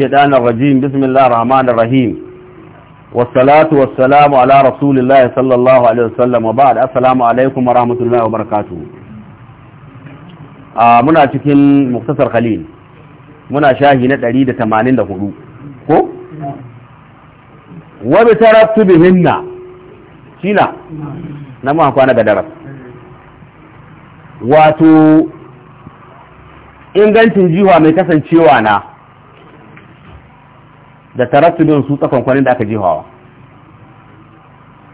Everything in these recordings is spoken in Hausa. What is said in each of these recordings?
الشيطان الرجيم بسم الله الرحمن الرحيم والصلاة والسلام على رسول الله صلى الله عليه وسلم وبعد السلام عليكم ورحمة الله وبركاته منا cikin مختصر خليل muna shahi na 184 ko wa bi taraktu bihinna shina na mu kwana ga darab wato ingancin jiwa mai kasancewa na da tarattudun su tsakon kwanin da aka jihawa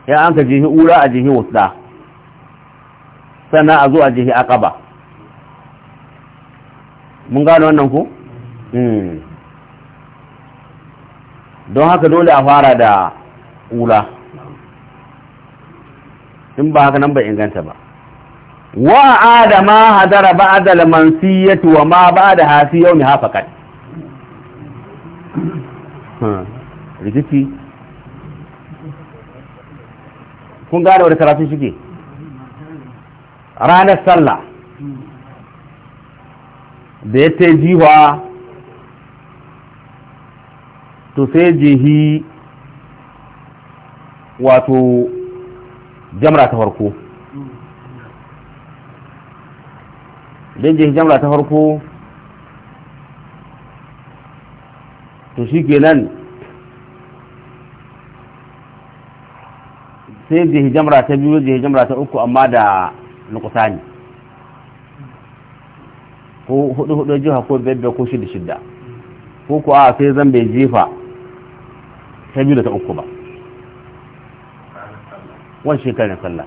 ya an ka jihi ura a jihi wasda sannan a zo a jihi akaba mun gano wannan ku? Hmm. don haka dole a fara da ula in ba haka nan bai inganta ba wa adama hadara ba al mansiyatu wa ma da hasi hafa hafaqat Hmm. rikici kun gane wani karatu shige ranar sallah da ya ta jiwa to sai jihi wato jamra ta farko hmm. don jihi jamra ta farko to shi kenan sai jihi jamra ta biyu jihi jamra ta uku amma da ne ko hudu hudu jiha ko bebe ko shida shida ko kuwa sai zan bai jefa ta biyu da ta uku ba wani shekarar sallah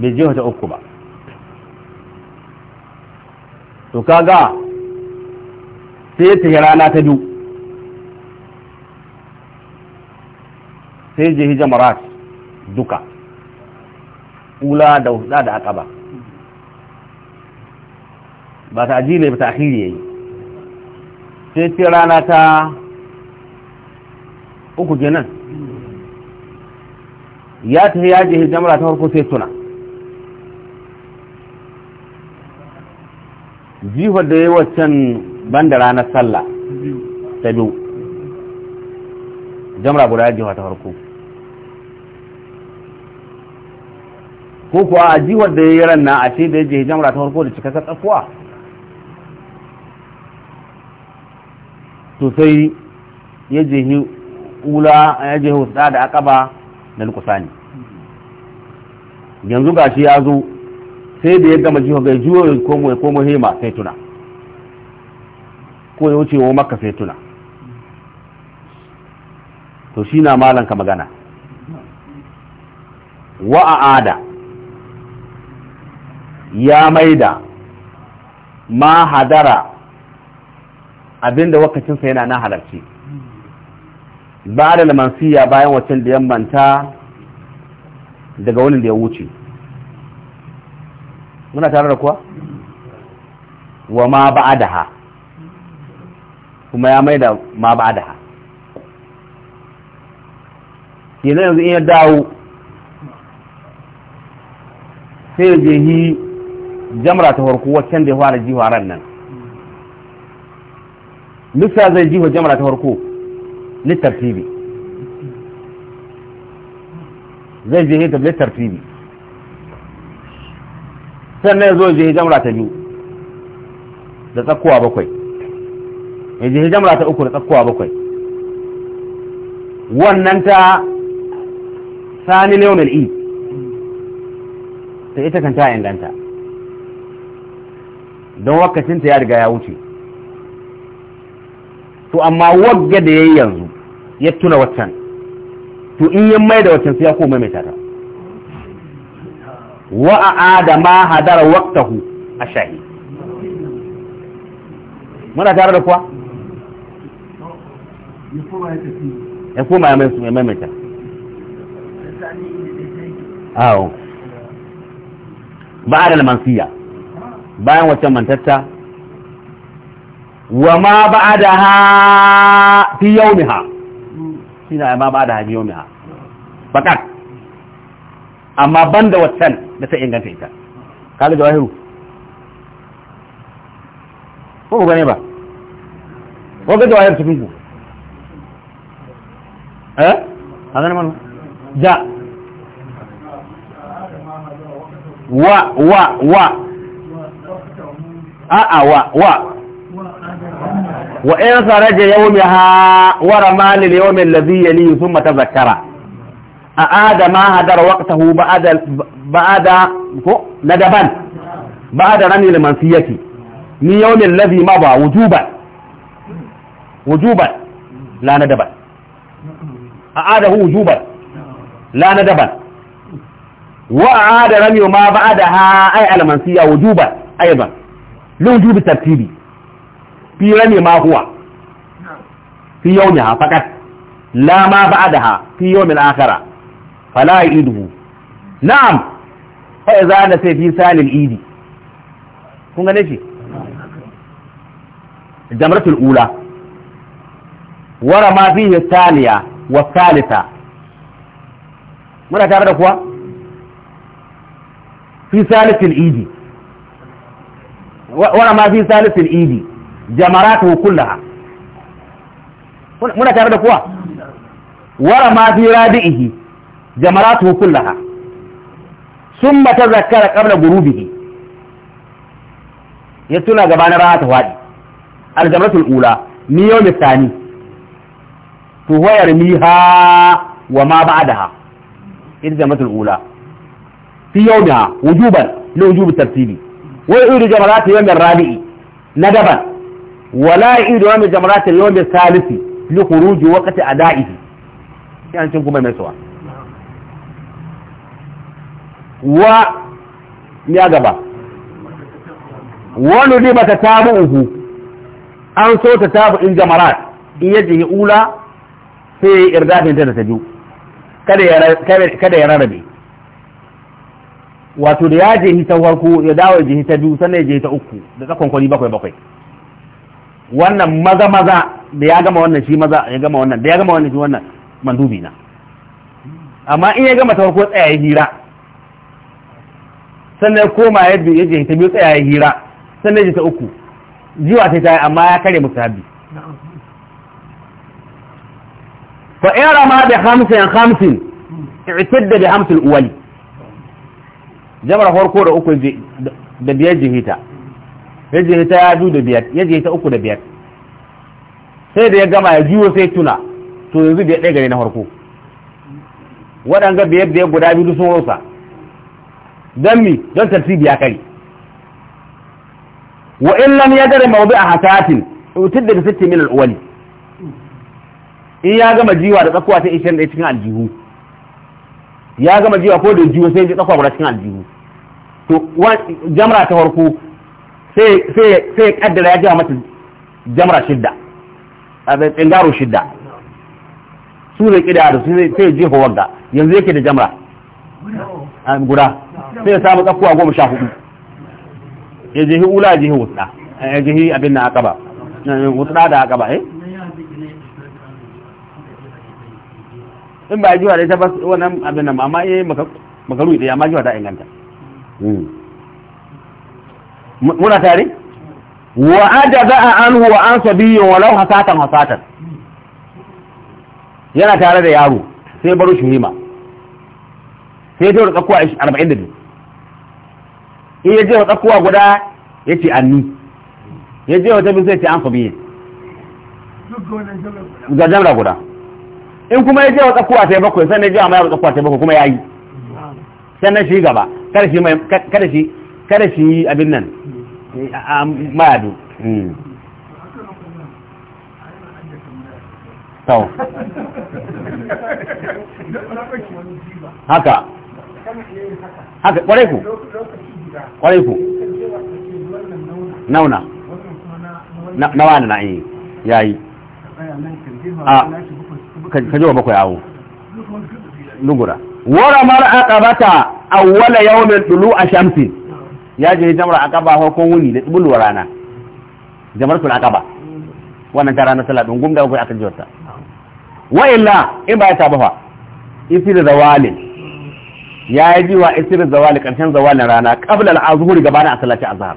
bai jefa ta uku ba to kaga sai ta tafi rana ta biyu sai je hijamarat duka ula da huda da aka ba ba ta ajiye ba ta ahiri yayi sai ta rana ta uku kenan ya tafi ya je hijamara ta harko sai tuna jihar da yi waccan ban da ranar sallah ta biyu jamra guda jiwa ta farko ko kuwa a jiwar da ya yi ran a ce da ya je jamra ta farko da cikakken tsakuwa to sai ya je ula ya je hutsa da akaba da ne yanzu gashi ya zo sai da ya gama jiwa ga jiwa ya komo ya komo hema sai tuna ko ya wuce wa maka sai tuna to shi na malanka magana Wa a ada ya maida ma hadara abinda wakacinsa yana na halarci ba da lamansiya bayan wacin da yammanta daga wani da ya wuce muna tare da kuwa wa ma ba'adaha kuma ya mai da ma ba da ha kenan yanzu in ya dawo sai ya je yi jamra ta farko waccan da ya fara jiwa ran nan lissa zai jiwa jamra ta farko tv zai je yi ta tv sannan ya zo je jamra ta biyu da tsakowa bakwai ya hijamra ta uku da tsakkowa bakwai wannan ta sani leonel e ta ita kan ta inganta don ta ya riga ya wuce to amma wagga da ya yi yanzu ya tuna waccan to in yin mai da waccan su ya koma mai tata wa'a da ma hadara waktahu a shahi muna tare da kuwa ya koma ya mai maimaita awo ba a da mansiya bayan waccan mantatta wa ma ba a da ha fi yau ha shi na ma ba a da ha fi yau ha bakar amma ban da waccan da ta inganta ita da Wahiru ko ku gane ba ko ga wahiru cikin ku هذا نمر جاء و و و آه،, اه و و وان خرج يومها ورمى لليوم الذي يليه ثم تذكر اعاد ما هدر وقته بعد بعد ندبا بعد رمي المنسيه من يوم الذي مضى وجوبا وجوبا لا ندبا أعاده وجوبا لا ندبا وأعاد رمي ما بعدها أي المنسية وجوبا أيضا لوجوب الترتيب في رمي ما هو في يومها فقط لا ما بعدها في يوم الآخرة فلا يعيده نعم فإذا نسي في سال الإيد kun نجي الجمرة الأولى ula فيه الثانية والثالثة ماذا تعرف هو في ثالث الإيد وانا ما في ثالث الإيد جمراته كلها ماذا تعرف هو وانا ما في رادئه جمراته كلها ثم تذكر قبل غروبه يتنى قبانا رات واجي الجمرة الأولى من يوم الثاني to wayar miha wa ma ba'daha ilzamatul ula fi yawmiha wujuban la wujub tartibi wa yu'idu jamarat yawm ar-rabi'i nadaban wa la yu'idu yawm jamarat yawm ath-thalith li khuruj waqti ada'ihi yan cin kuma mai sawa wa ya gaba wani riba ta tabu'uhu an so ta tabu in jamarat in yajihi ula sai ya yi irdafin ta da ta biyu kada ya rarrabe wato da ya je ta farko ya dawo ya je ta biyu sannan ya je ta uku da tsakon kwani bakwai bakwai wannan maza maza da ya gama wannan shi maza ya gama wannan da ya gama wannan shi wannan mandubi na amma in ya gama ta farko tsayaye hira sannan koma yadda ya je ta biyu tsayaye hira sannan ya je ta uku jiwa sai ta yi amma ya kare musu fa in rama bi hamsin hamsin i'tadda bi hamsin uwali jabar farko da uku da biyar jihita ya jihita ya biyu da uku da biyar sai da ya gama ya jiwo sai tuna to yanzu biyar ɗaya gare na farko waɗanga biyar biyar guda biyu sun rosa don don tartibi ya kai wa in lam yadar mawdu'a hasatin utidda bi 60 min al-awwali in ya gama jiwa da tsakuwa ta 21 cikin aljihu ya gama jiwa ko da jiwa sai ya tsakuwa guda cikin aljihu to jamra ta farko sai ya kaddara ya jiwa mata jamra shidda a tsingaro shidda su zai kida da su sai ya jefa wagga yanzu yake da jamra guda sai ya samu tsakuwa goma sha hudu ya jihi ula ya jihi wutsa ya jihi abin na akaba wutsa da akaba eh in ba jiwa da ita ba wannan abin nan amma eh makaru da amma jiwa ta inganta hmm. muna tare wa ajaza za wa an sabiyyin walau hasatan hasatan yana tare da yaro sai baro shuhima sai ta rutsa kuwa da in ya je wa tsakuwa guda ya ce ni ya je wa tabi sai ce an sabiyyin ga jamra guda in kuma ya je wa tsakuwa sai bakwai sannan ya je wa mayar tsakuwa sai bakwai kuma ya yi sannan shi gaba kada shi kada shi kada shi abin nan a mayadu hmm. tau haka haka kwarai ku kwarai ku nauna na wani na eh, yi yayi a ka wa bakwai awo Lugura. wara mara a wala yawon mai tulu a shamsi ya je jamar aqaba hukun wuni da tsibulwa rana jamar tul aqaba wannan ta ranar sallah gum da bakwai akan jiwarta wa illa in ba ya taba fa isir zawalin ya yi jiwa isir zawalin karshen zawalin rana qabla al-azhur gabanin a azhar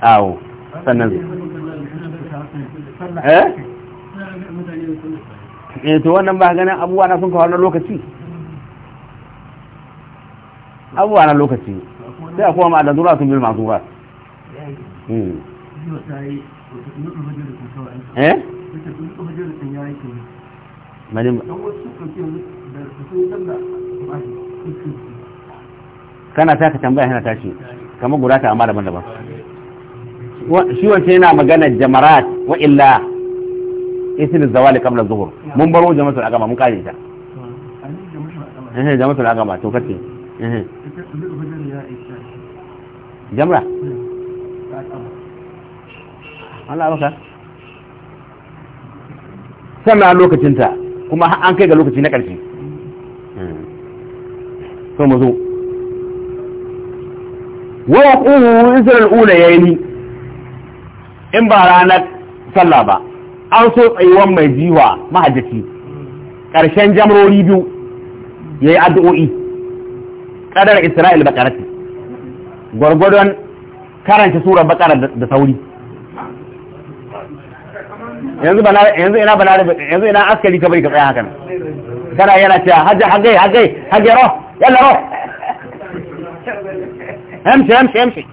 awo sannan zai eh? eh to wannan ba ganin abubuwa na sun kawo na lokaci abubuwa na lokaci sai a kuma ma'adar zura sun bil masu ba hmm. eh? kana ta ka tambaya yana tashi kama guda ta amma daban-daban shi wace yana magana jamarat wa illa isil zawali kamar zuhur mun baro jama'atul agama mun kare ta eh, eh jama'atul agama to kace eh, eh. jamra Allah baka lokacin lokacinta kuma an kai ga lokaci na ƙarshe eh. to mu zo wa ƙuhu isra'ula ya yi ni in ba ranar sallah ba an so tsayuwan mai jiwa mahajjaci ƙarshen jamrori biyu ya yi addu'o'i ƙadar isra'il bakarati gwargwadon karanta surar bakara da sauri yanzu ina balarabe yanzu ina askari ka bari ka tsaya hakan kana yana cewa hajji hagai hagai hagai ro yalla ro hamshi hamshi hamshi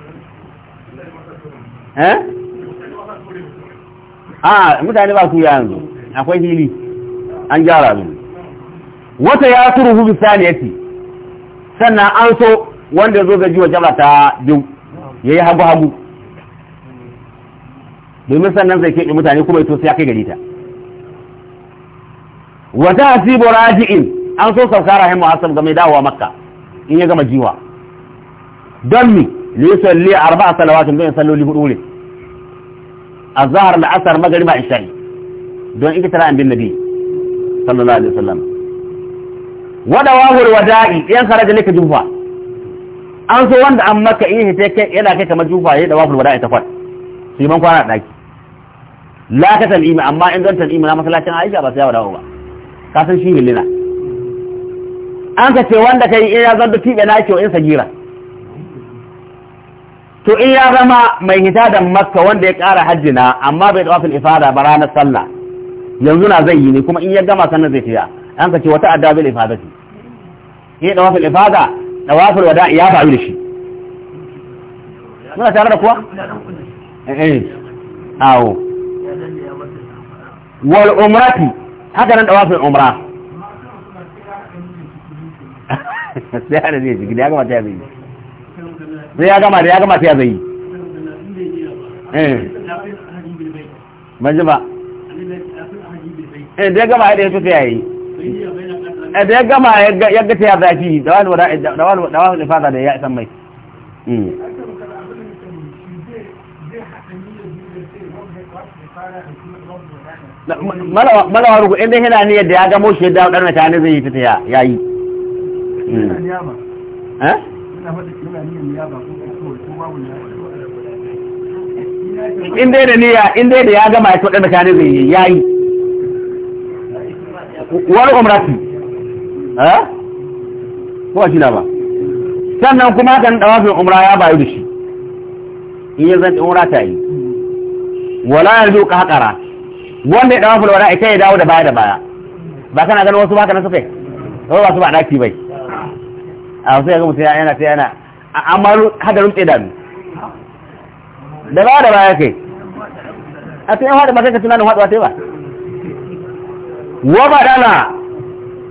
a mutane ba su yanzu akwai hili an gyara su wata ya turu hubi saniyati sannan an so wanda zo ga jiwa jama ta biyu ya yi hagu-hagu domin sannan zai keɓe mutane kuma ito sai ya kai gari ta wata asibu raji'in an so saukara rahim mu'asab ga mai dawowa makka in ya gama jiwa don mi li arba a salawatin don salloli hudu ne azhar la'asar magariba sha'i don ita tara an bin nabi sallallahu alaihi wasallam wada wahur wada'i yan kharaja laka jufa an so wanda an maka in hita kai yana kai kamar jufa yayin da wahur wada'i ta fat sai man kwana daki la ka tal'imi amma in zan tal'imi na masallacin Aisha ba sai ya wadawo ba ka san shi millina an ka ce wanda kai in ya zan tibe na kyau in sagira to in ya zama mai hita da makka wanda ya ƙara hajji na amma bai tsawafin ifada ba ranar sallah yanzu na zai yi ne kuma in ya gama sannan zai tiya an ka ce wata adda bil ifada ce ya tsawafin ifada tsawafin wada ya faru da shi muna tare da kuwa eh, eh. awo wal umrati haka nan tsawafin umra sai ana zai shi gida ya gama ta yi sai ya gama da ya gama sai ya zai eh. ban ji ba eh, da ya gama ya da ya tuta ya yi eh, da ya gama ya ga ta ya zafi da wani da wani fada da ya isan mai hmm. malawar ruku inda yana ne yadda ya gamo shi yadda wadannan ta ne zai yi fita ya yi hmm. in dai da niyya in dai da ya gama ya tsoɗa tsakanin zai yi ya yi wani umrati ha ko shi na ba sannan kuma kan ɗawafin umra ya bayu da shi in ya zanci umra ta yi wala ya zo ka haƙara wanda ya ɗawafin wala ita ya dawo da baya da baya ba kana ganin wasu ba haka na suka yi ba su ba ɗaki bai a wasu ya ga mutum yana ta yana a amaru hadarin dami da ba da baya kai a tun yan haɗa ba kai ka tunanin haɗuwa ta yi ba wa dana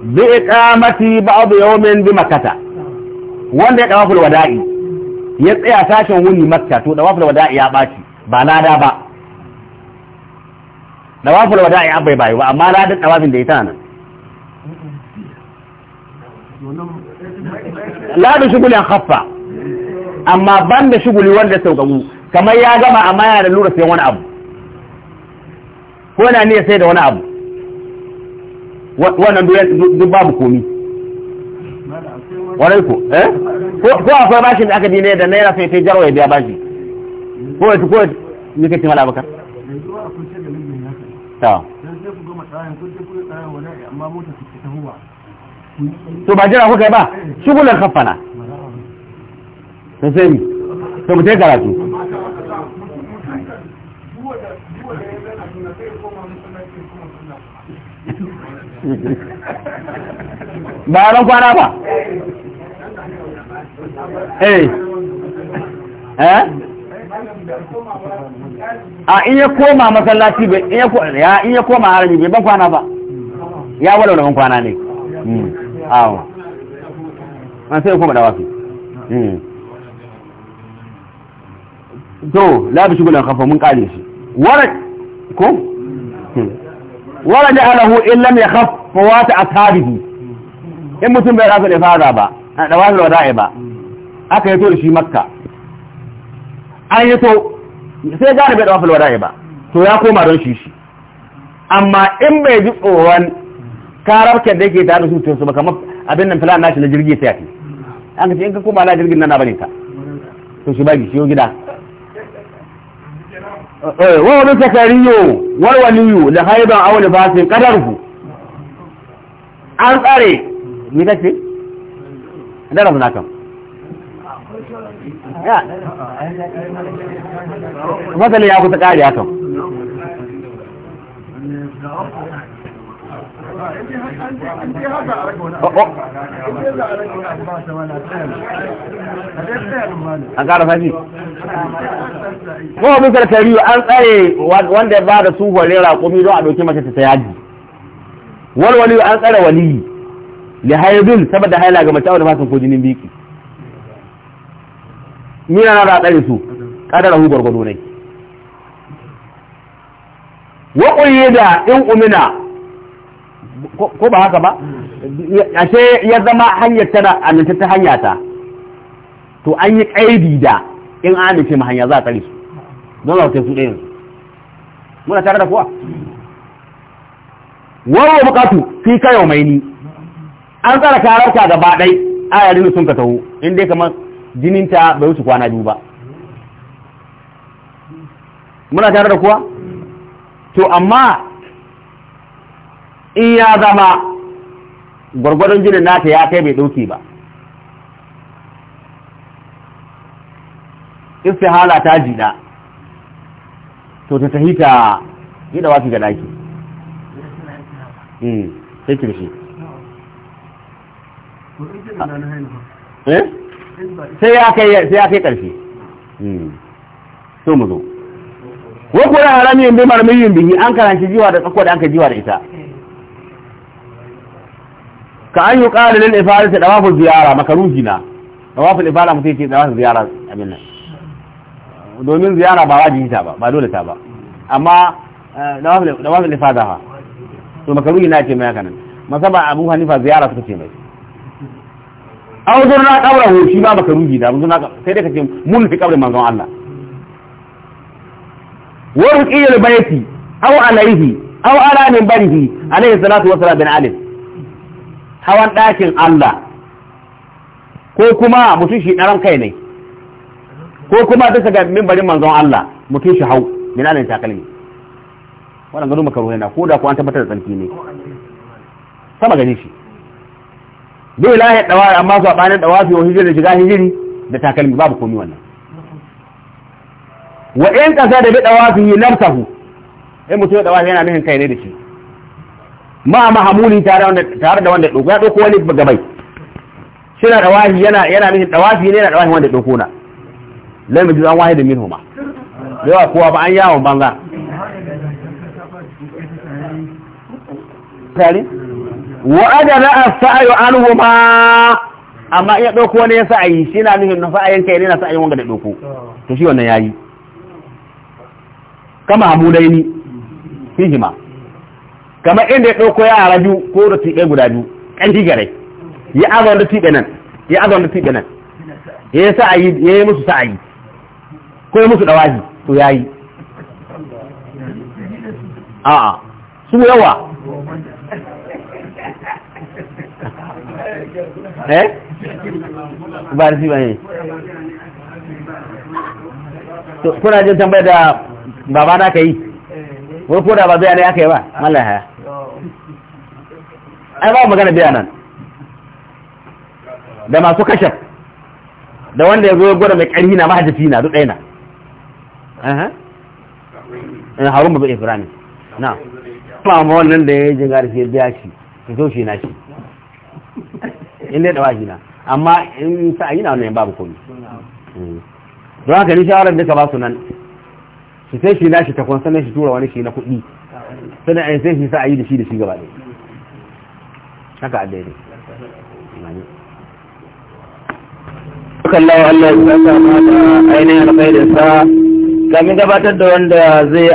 bi abu yau min bi makata wanda ya wa wada'i ya tsaya sashen wuni makka to da wa wada'i ya baci ba lada ba da wafil wada'i ya bai bayu ba amma ladin tawafin da ita nan ladu shugulin haffa amma ban da shuguli wanda sauƙaƙu kamar ya gama amma yana da lura sai wani abu ko yana niyya sai da wani abu wannan duk babu komi warai ko eh ko akwai bashin da aka dine da naira sai ta jarwa ya biya bashi ko ya ko ni kake mala bakar ta to ba jira kuka ba shugulan kafana sun sai mi to mutai karatu ba ran kwana ba eh eh a in ya koma masallaci in ya koma harami bai ban kwana ba ya wala ban kwana ne hmm. awo an sai ya koma da wasu hmm. to la bi shugulan khafa mun kare shi wara ko wara da alahu illam yakhaf wata atabihi in mutum bai rasa da fara ba a wani wada'i ba aka yato da shi makka an yato sai gane bai dawazul wada'i ba to ya koma don shi shi amma in bai ji tsoron kararka da yake ta da su su ba abin nan filan nashi na jirgi sai ya an ka ce in ka koma na jirgin nan na bane ka to shi bagi shi yo gida Eh, wani sakariyo warwaliyu da haiban aure fasin kadarku an tsare ni kace dara mun akan ya masali ya kusa kare akan an kara sashi kuma bisa da an tsare wanda ba da su hore raƙumi don a ɗauki mace ta sayadi walwali an tsare waliyi da haidun saboda haila ga mace wadda masu ko jinin biki mina na da tsare su kadara hu gwado ne wa da in umina ko ba haka ba ashe ya zama hanyar tana ta hanya ta to an yi kaidi da in an amince ma hanya za a tsare su don za su su ɗaya su muna tare da kuwa wawo bukatu fi kayo mai ni an tsara kararka gaba ɗai ayarin sun ka taho in dai kamar jininta bai wuce kwana biyu ba muna tare da kuwa to amma in ya zama gwargwadon jinin nata ya kai bai ɗauki ba hala ta jina to ta tahi ta yi da waki ga daki hmm, sai eh? sai ya kai ƙarfi hmm, so mu zo wakwarar haramiyin bi marmiyin bihi an karanci jiwa da tsakwa da an ka jiwa da ita كأن يقال للإفادة نواف الزيارة مكروهنا نواف الإفادة متيتي نواف الزيارة أمنا دومين زيارة بواجه تابا بدولة تابا أما نواف آه، نواف الإفادة ها مكروهنا كما كان ما سبع أبو حنيفة زيارة تكتيمي أو زرنا قبره شبا مكروهنا زرنا سيدي كتيم من في قبر منظم الله ورقية البيتي أو عليه أو على من بنه عليه الصلاة والسلام بن علي hawan ɗakin Allah ko kuma mutum shi ɗaran kai ne ko kuma duka ga mimbarin manzon Allah mutum shi hau min alin takalmi wannan gado makaruhi yana, ko da ko an tabbatar da tsarki ne sama gani shi bai lahi dawa amma su a abanin dawa su hijiri da shiga hijiri da takalmi babu komai wannan wa in kasa da bi dawa su yi lamsahu in mutum ya dawa yana nufin kai ne da shi ma mahamuli tare da wanda ya doko wani gabai suna ɗawahi yana yana mihin dawafi ne yana ɗawahi wanda ɗauko na lai mai an wahi da min homa yawa kuwa ba an yawon banza tare wa adana as-sa'yu anhuma amma iya doko wani ya sa'ayi shi na nuhin na sa'ayin kai ne na sa'ayin wanga da doko to shi wannan yayi kama hamulaini fihima kamar inda ya ɗauko yara biyu ko da tiɓe guda biyu ƙanji gare ya aza da tiɓe nan ya aza wanda tiɓe nan ya yi sa'ayi ya yi musu sa'ayi ko ya musu ɗawaji to ya yi a'a su yawa eh ba da ba ne kuna jin tambaya da babana ka yi wai ko da ba zai ne aka yi ba mallaya ai ba magana biya nan da masu kashe da wanda ya zo ya gwada mai ƙarfi na mahajjafi na duk ɗaya na eh, harun zai firani na ba ma wannan da ya yi gari shi biya shi zo shi na shi inda ya dawa shi na amma in sa yi na wannan babu komi eh. don haka ni shawarar da ka ba su nan su sai shi na shi ta kwansanin shi tura wani shi na kuɗi sannan sai shi sa a yi da shi da shi gaba ɗaya haka a daidai kallawa Allah ya sa mata ainihin alkhairinsa kamin gabatar da wanda zai